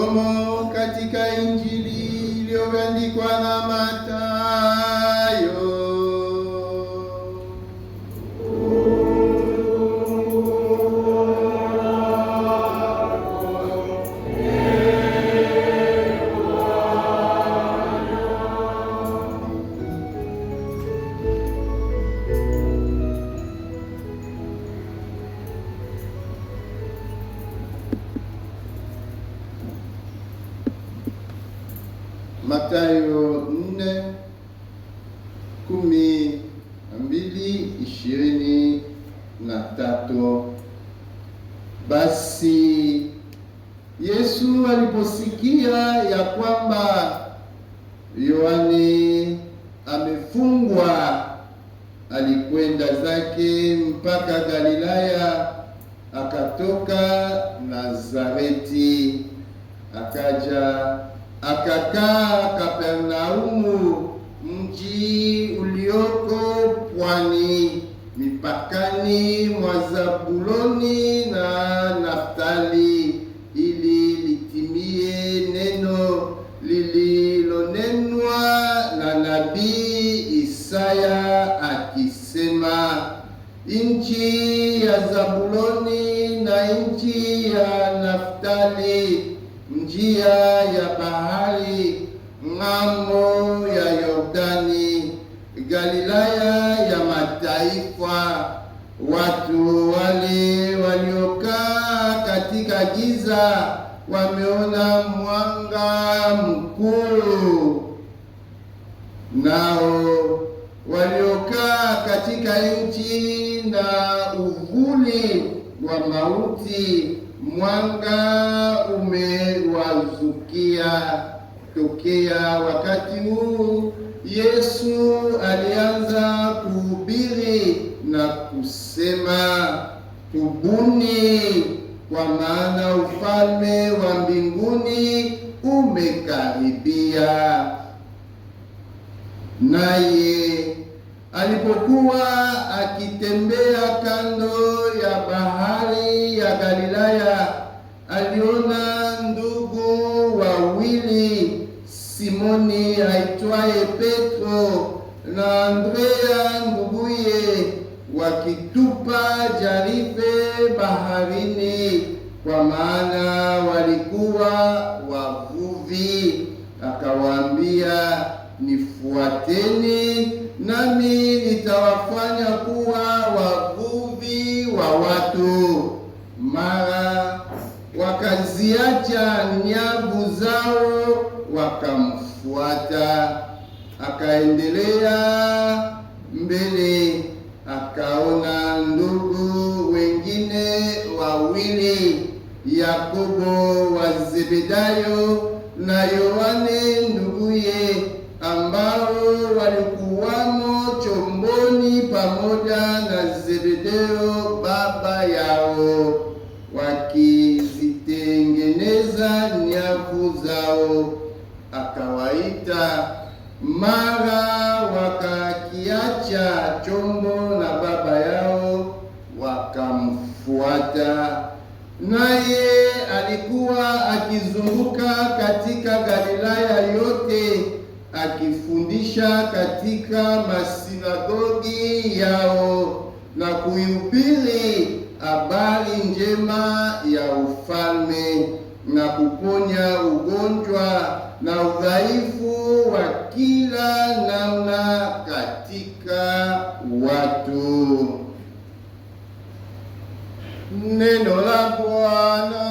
Somo katika Injili iliyoandikwa na Mathayo. Mathayo nne kumi na mbili ishirini na tatu. Basi Yesu aliposikia ya kwamba Yohane amefungwa, alikwenda zake mpaka Galilaya, akatoka Nazareti akaja akakaa Kapernaumu, mji ulioko pwani mipakani mwa Zabuloni na Naftali, ili litimie neno lililonenwa na nabii Isaya akisema, nchi ya Zabuloni na nchi ya Naftali njia ya bahari ng'ambo ya Yordani, Galilaya ya mataifa, watu wale waliokaa katika giza wameona mwanga mkuu, nao waliokaa katika nchi na uvuli wa mauti mwanga umewazukia tokea wakati huu Yesu alianza kuhubiri na kusema, tubuni, kwa maana ufalme wa mbinguni umekaribia. Naye alipokuwa akitembea kando ya bahari ya Galilaya aliona ndugu wawili Simoni aitwaye Petro na Andrea nduguye wakitupa jarife baharini, kwa maana walikuwa wavuvi. Akawaambia, nifuateni nami nitawafanya kuwa waliziacha nyavu zao wakamfuata. Akaendelea mbele, akaona ndugu wengine wawili, Yakobo wa Zebedayo na Yohane nduguye, ambao walikuwamo chomboni pamoja na Zebedeo baba yao wakii zao, akawaita. Mara wakakiacha chombo na baba yao, wakamfuata. Naye alikuwa akizunguka katika Galilaya yote akifundisha katika masinagogi yao na kuyubili habari njema ya ufalme na kuponya ugonjwa na udhaifu wa kila namna katika watu. Neno la Bwana.